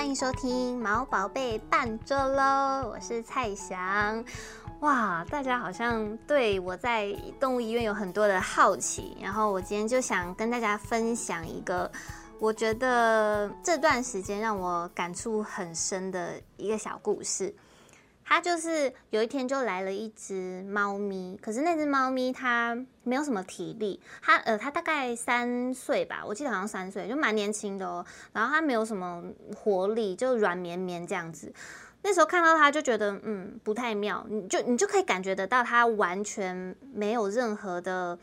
歡迎收聽《毛寶貝伴奏》嘍，我是蔡翔。哇，大家好像對我在動物醫院有很多的好奇，然後我今天就想跟大家分享一個，我覺得這段時間讓我感觸很深的一個小故事。他就是有一天就來了一只貓咪，可是那只貓咪它沒有什麼體力，它呃它大概三歲吧，我記得好像三歲，就蠻年輕的哦。然後它沒有什麼活力，就軟綿綿這樣子。那時候看到它就覺得嗯，不太妙，你就你就可以感覺得到它完全沒有任何的。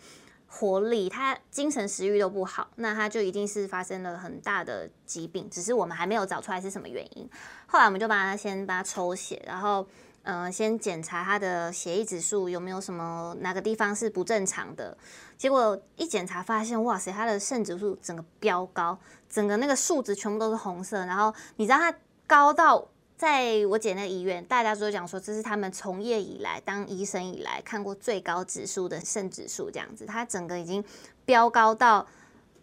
活力，他，精神食慾都不好，那他就一定是發生了很大的疾病，只是我們還沒有找出來是什麼原因。後來我們就幫他先把他抽血，然後嗯、呃，先檢查他的血液指數有沒有什麼哪個地方是不正常的。結果一檢查發現，哇塞，他的腎指數整個飆高，整個那個數值全部都是紅色。然後你知道他高到？在我姐的那個醫院，大家都講說這是他們從業以來當醫生以來看過最高指數的腎指數，這樣子，它整個已經飆高到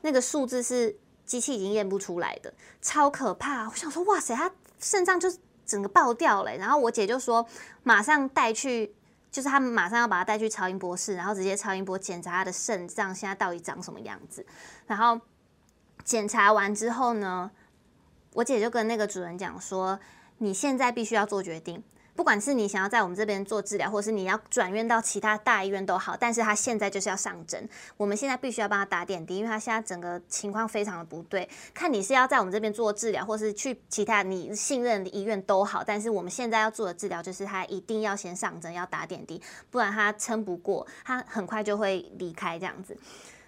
那個數字是機器已經驗不出來的，超可怕啊。我想說，哇塞，他腎臟就整個爆掉了欸。然後我姐就說，馬上帶去，就是他們馬上要把它帶去超音波室，然後直接超音波檢查他的腎臟現在到底長什麼樣子。然後檢查完之後呢，我姐就跟那個主任講說。你現在必須要做決定，不管是你想要在我們這邊做治療，或是你要轉院到其他大醫院都好，但是他現在就是要上針，我們現在必須要幫他打點滴，因為他現在整個情況非常的不對。看你是要在我們這邊做治療，或是去其他你信任的醫院都好，但是我們現在要做的治療就是他一定要先上針，要打點滴，不然他撐不過，他很快就會離開這樣子。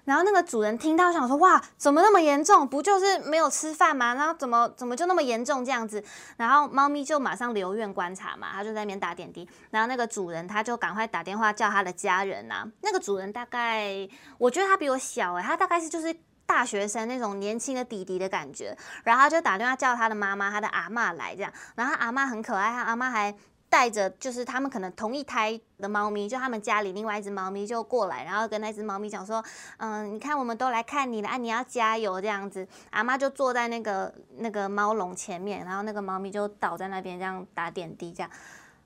然後那個主人，聽到想說哇，怎麼那麼嚴重？不就是沒有吃飯嗎？然後怎麼怎麼就那麼嚴重這樣子？然後貓咪就馬上留院觀察嘛，它就在那邊打點滴。然後那個主人他就趕快打電話叫他的家人啊。那個主人大概我覺得他比我小誒、欸、他大概是就是大學生那種年輕的弟弟的感覺。然後就打電話叫他的媽媽、他的阿嬤來這樣。然後他阿嬤很可愛，他阿嬤還。帶着就是他們可能同一胎的貓咪，就他們家裡另外一隻貓咪就過來，然後跟那隻貓咪講說，嗯、呃，你看我們都來看你了，啊，你要加油這樣子。阿媽就坐在那個那個貓籠前面，然後那個貓咪就倒在那邊這樣打點滴這樣，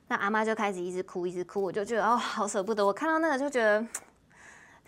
那阿媽就開始一直哭一直哭，我就覺得哦，好捨不得，我看到那個就覺得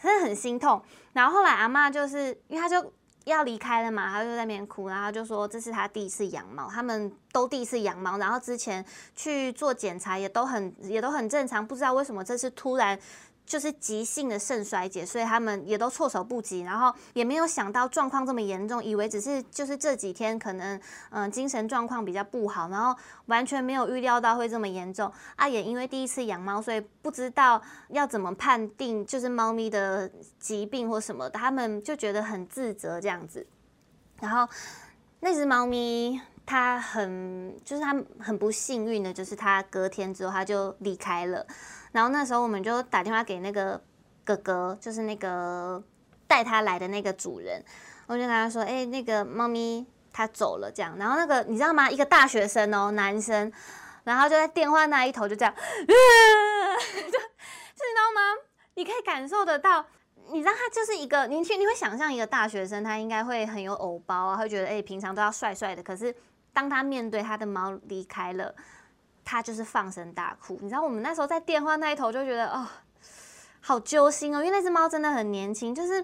真的很心痛。然後後來阿媽就是因為他就。要離開了嘛，他就在那邊哭，然後就說，這是他第一次養貓，他們都第一次養貓，然後之前去做檢查也都很，也都很正常，不知道為什麼這次突然。就是急性的腎衰竭，所以他們也都措手不及，然後也沒有想到狀況這麼嚴重，以為只是就是這幾天可能嗯、呃、精神狀況比較不好，然後完全沒有預料到會這麼嚴重啊！也因為第一次養貓，所以不知道要怎麼判定就是貓咪的疾病或什麼的，他們就覺得很自責這樣子。然後那只貓咪它很就是它很不幸運的，就是它隔天之後它就離開了。然後那時候我們就打電話給那個哥哥，就是那個帶他來的那個主人，我就跟他說：“哎、欸，那個貓咪它走了這樣。”然後那個你知道嗎？一個大學生哦，男生，然後就在電話那一頭就這樣，啊、 就，就，你知道嗎？你可以感受得到，你知道他就是一個，你去你會想象一個大學生，他應該會很有偶包啊，會覺得哎、欸，平常都要帥帥的，可是當他面對他的貓離開了。他就是放聲大哭，你知道，我們那時候在電話那一頭就覺得哦，好揪心哦，因為那隻貓真的很年輕，就是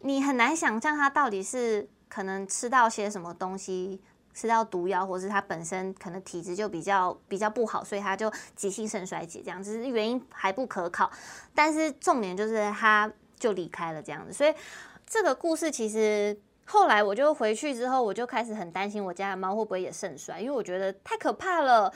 你很難想象它到底是可能吃到些什麼東西，吃到毒藥，或是它本身可能體質就比較比較不好，所以它就急性腎衰竭這樣，只、就是原因還不可考。但是重點就是它就離開了這樣子，所以這個故事其實後來我就回去之後，我就開始很擔心我家的貓會不會也腎衰，因為我覺得太可怕了。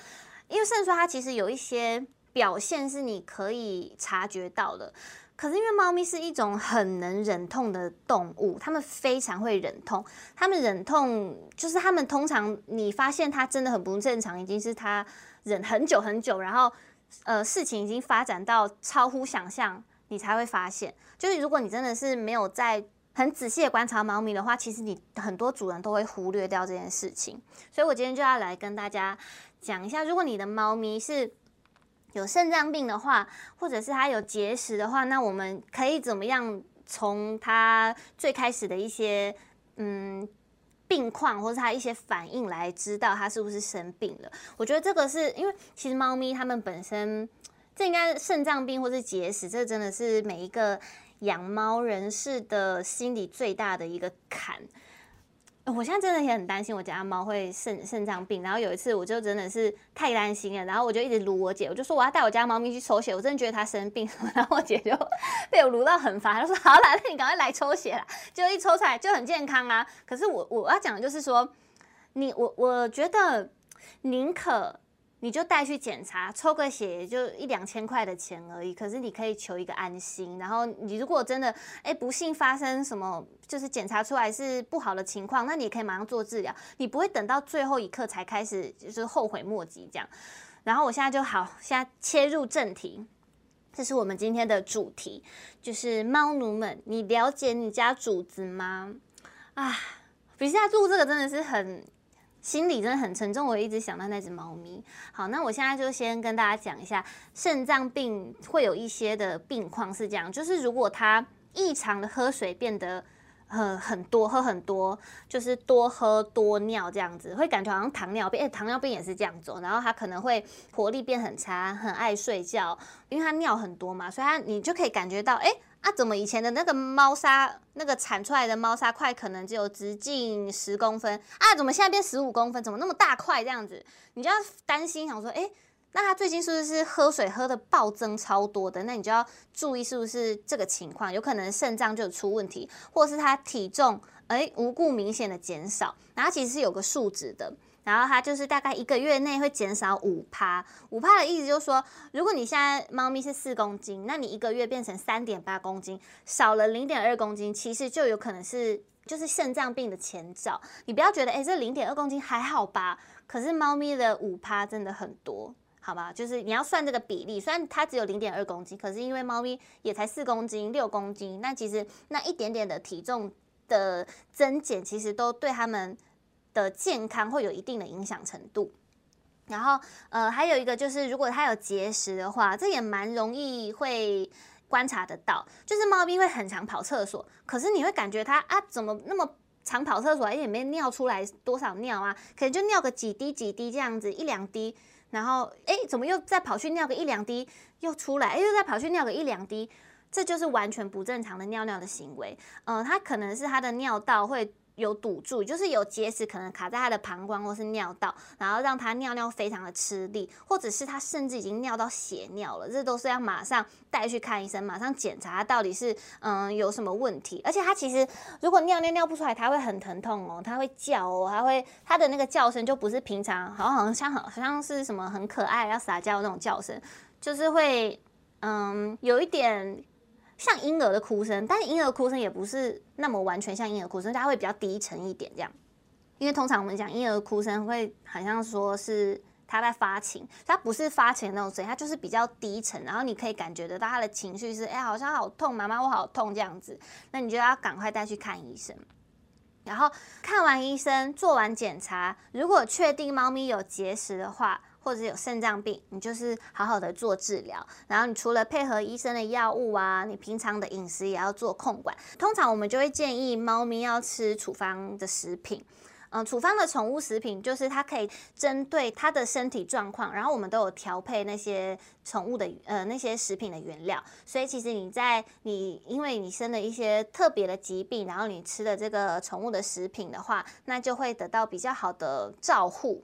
因為甚至說它其實有一些表現是你可以察覺到的。可是，因為貓咪是一種很能忍痛的動物，它們非常會忍痛。它們忍痛，就是它們通常你發現它真的很不正常，已經是它忍很久很久，然後呃，事情已經發展到超乎想象，你才會發現。就是如果你真的是沒有在很仔細的觀察貓咪的話，其實你很多主人都會忽略掉這件事情，所以我今天就要來跟大家講一下，如果你的貓咪是有腎臟病的話，或者是它有結石的話，那我們可以怎麼樣從它最開始的一些嗯病況，或是它一些反應來知道它是不是生病了？我覺得這個是因為其實貓咪它們本身，這應該腎臟病或是結石，這真的是每一個。養貓人士的心裡最大的一個坎。哦，我現在真的也很擔心我家貓會腎腎臟病。然後有一次，我就真的是太擔心了，然後我就一直盧我姐，我就說我要帶我家貓咪去抽血，我真的覺得它生病。然後我姐就被我盧到很煩，她說：“好啦，那你趕快來抽血啦。”就一抽出來就很健康啊。可是我我要講的就是說，你我我覺得寧可。你就帶去檢查，抽個血也就一兩千塊的錢而已。可是你可以求一個安心，然後你如果真的誒、欸、不幸發生什麼，就是檢查出來是不好的情況，那你也可以馬上做治療，你不會等到最後一刻才開始就是後悔莫及這樣。然後我現在就好，現在切入正題，這是我們今天的主題，就是貓奴們，你了解你家主子嗎？啊，比下注這個真的是很。心裡真的很沉重，我一直想到那隻貓咪。好，那我現在就先跟大家講一下，腎臟病會有一些的病況是這樣，就是如果它異常的喝水變得很、呃、很多，喝很多，就是多喝多尿這樣子，會感覺好像糖尿病，誒、欸、糖尿病也是這樣子。然後它可能會活力變很差，很愛睡覺，因為它尿很多嘛，所以它你就可以感覺到誒。欸啊，怎麼以前的那個貓砂、那個鏟出來的貓砂塊可能只有直徑十公分啊？怎麼現在變十五公分？怎麼那麼大塊這樣子？你就要擔心，想說，哎、欸，那他最近是不是喝水喝得暴增超多的？那你就要注意是不是這個情況，有可能腎臟就出問題，或者是他體重哎、欸、無故明顯的減少，然後其實是有個數值的。然後它就是大概一個月內會減少五趴，五趴的意思就是說，如果你現在貓咪是四公斤，那你一個月變成三點八公斤，少了零點二公斤，其實就有可能是就是腎臟病的前兆。你不要覺得誒、欸，這零點二公斤還好吧？可是貓咪的五趴真的很多，好吧？就是你要算這個比例，雖然它只有零點二公斤，可是因為貓咪也才四公斤、六公斤，那其實那一點點的體重的增減，其實都對他們，的健康會有一定的影響程度，然後呃還有一個就是如果它有結石的話，這也蠻容易會觀察得到，就是貓咪會很常跑廁所，可是你會感覺它啊怎麼那麼常跑廁所，欸，因也沒尿出來多少尿啊，可能就尿個幾滴幾滴這樣子一兩滴，然後哎，欸、怎麼又再跑去尿個一兩滴又出來，欸，哎又再跑去尿個一兩滴，這就是完全不正常的尿尿的行為，嗯，它可能是它的尿道會。有堵住，就是有結石可能卡在他的膀胱或是尿道，然後讓他尿尿非常的吃力，或者是他甚至已經尿到血尿了，這都是要馬上帶去看醫生，馬上檢查他到底是嗯有什麼問題。而且他其實如果尿尿尿不出來，他會很疼痛哦，他會叫哦，他會他的那個叫聲就不是平常，好像像好，好，好，好像是什麼很可愛要撒嬌的那種叫聲，就是會嗯有一點。像嬰兒的哭聲，但是嬰兒哭聲也不是那麼完全像嬰兒哭聲，它會比較低沉一點這樣。因為通常我們講嬰兒哭聲會好像說是他在發情，他不是發情的那種聲，他就是比較低沉，然後你可以感覺得到他的情緒是，哎、欸，好像好痛，媽媽我好痛這樣子。那你就要趕快帶去看醫生。然後看完醫生，做完檢查，如果確定貓咪有結石的話。或者有腎臟病，你就是好好的做治療，然後你除了配合醫生的藥物啊，你平常的飲食也要做控管。通常我們就會建議貓咪要吃處方的食品。嗯、呃，處方的寵物食品就是它可以針對它的身體狀況，然後我們都有調配那些寵物的呃那些食品的原料。所以其實你在你因為你生了一些特別的疾病，然後你吃的這個寵物的食品的話，那就會得到比較好的照護。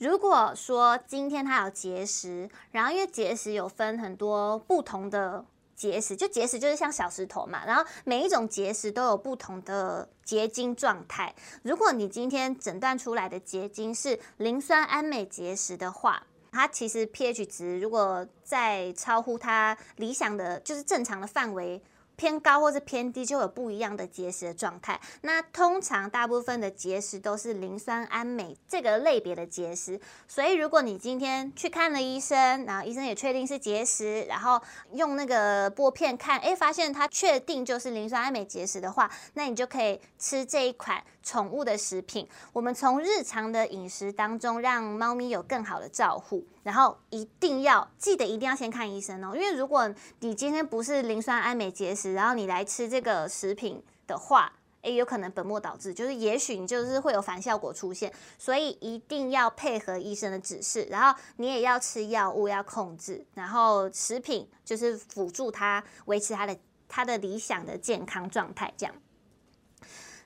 如果說今天它有結石，然後因為結石有分很多不同的結石，就結石就是像小石頭嘛，然後每一種結石都有不同的結晶狀態。如果你今天診斷出來的結晶是磷酸銨鎂結石的話，它其實 pH 值如果在超乎它理想的就是正常的範圍，偏高或者偏低，就有不一樣的結石的狀態。那通常大部分的結石都是磷酸銨鎂這個類別的結石，所以如果你今天去看了醫生，然後醫生也確定是結石，然後用那個玻片看，哎、欸，發現它確定就是磷酸銨鎂結石的話，那你就可以吃這一款。寵物的食品，我們從日常的飲食當中讓貓咪有更好的照護，然後一定要記得，一定要先看醫生哦、喔，因為如果你今天不是磷酸銨鎂結石，然後你來吃這個食品的話，哎、欸，有可能本末倒置，就是也許你就是會有反效果出現，所以一定要配合醫生的指示，然後你也要吃藥物要控制，然後食品就是輔助它維持它的它的理想的健康狀態這樣。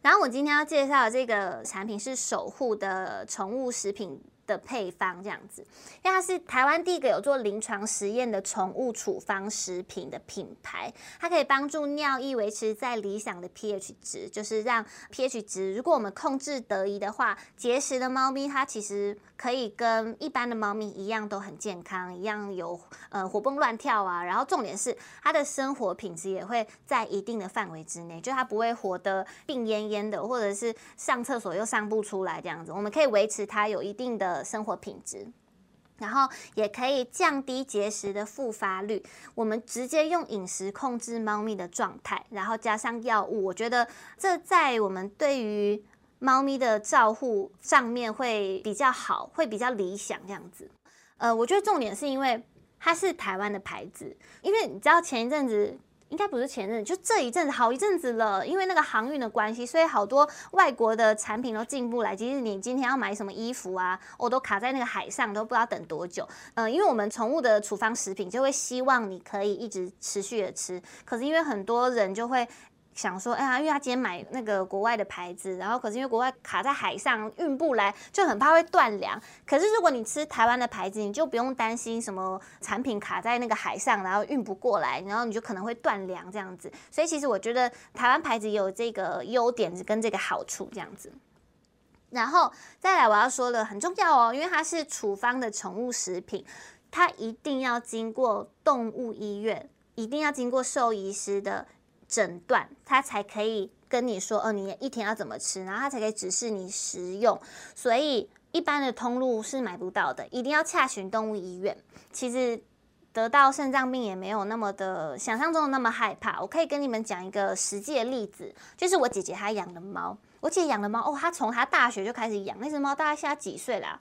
然後我今天要介紹的這個產品是守護的寵物食品。的配方這樣子，因為它是台灣第一個有做臨床實驗的寵物處方食品的品牌，它可以幫助尿液維持在理想的 pH 值，就是讓 pH 值如果我們控制得宜的話，結石的貓咪它其實可以跟一般的貓咪一樣都很健康，一樣有呃活蹦亂跳啊。然後重點是它的生活品質也會在一定的範圍之內，就它不會活得病懨懨的，或者是上廁所又上不出來這樣子。我們可以維持它有一定的。的生活品質，然後也可以降低結石的復發率。我們直接用飲食控制貓咪的狀態，然後加上藥物，我覺得這在我們對於貓咪的照護上面會比較好，會比較理想這樣子。呃，我覺得重點是因為它是台灣的牌子，因為你知道前一陣子。應該不是前陣子，就這一陣子，好一陣子了。因為那個航運的關係，所以好多外國的產品都進不來。即使你今天要買什麼衣服啊，我、哦、都卡在那個海上，都不知道等多久。嗯、呃，因為我們寵物的處方食品，就會希望你可以一直持續的吃。可是因為很多人就會。想說，哎呀，因為他今天買那個國外的牌子，然後可是因為國外卡在海上運不來，就很怕會斷糧。可是如果你吃台灣的牌子，你就不用擔心什麼產品卡在那個海上，然後運不過來，然後你就可能會斷糧這樣子。所以其實我覺得台灣牌子也有這個優點跟這個好處這樣子。然後再來我要說的很重要哦，因為它是處方的寵物食品，它一定要經過動物醫院，一定要經過獸醫師的診斷他才可以跟你說，哦，你一天要怎麼吃，然後他才可以指示你食用。所以一般的通路是買不到的，一定要洽詢動物醫院。其實得到腎臟病也沒有那麼的想象中的那麼害怕。我可以跟你們講一個實際的例子，就是我姐姐她養的貓。我姐養的貓哦，她從她大學就開始養那隻貓，大概現在幾歲啦？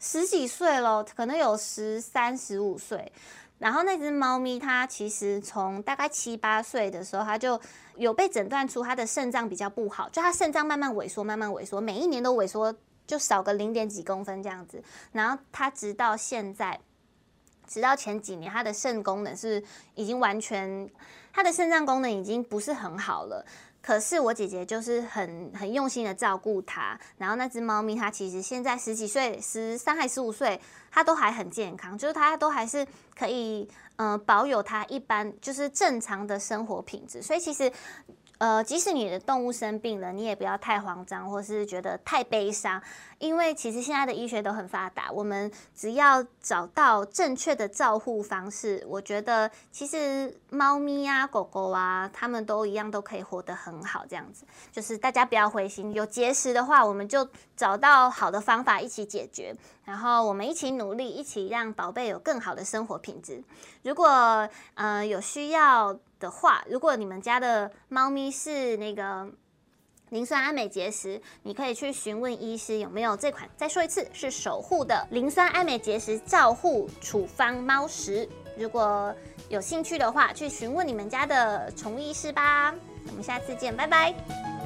十幾歲了，可能有十三、十五歲。然後那隻貓咪，它其實從大概七八歲的時候，它就有被診斷出它的腎臟比較不好，就它腎臟慢慢萎縮，慢慢萎縮，每一年都萎縮，就少個零點幾公分這樣子。然後它直到現在，直到前幾年，它的腎功能是已經完全，它的腎臟功能已經不是很好了。可是我姐姐就是很很用心的照顧它，然後那隻貓咪它其實，現在十幾歲，十三還是十五歲，它都還很健康，就是它都還是可以，嗯、呃，保有它一般就是正常的生活品質，所以其實。呃，即使你的動物生病了，你也不要太慌張，或是覺得太悲傷，因為其實現在的醫學都很發達，我們只要找到正確的照護方式，我覺得其實貓咪啊、狗狗啊，他們都一樣都可以活得很好，這樣子就是大家不要灰心。有結石的話，我們就找到好的方法一起解決，然後我們一起努力，一起讓寶貝有更好的生活品質。如果呃有需要，的話，如果你們家的貓咪是那個磷酸氨鎂結石，你可以去詢問醫師有沒有這款。再說一次，是守護的磷酸氨鎂結石照護處方貓食。如果有興趣的話，去詢問你們家的寵物醫師吧。我們下次見，拜拜。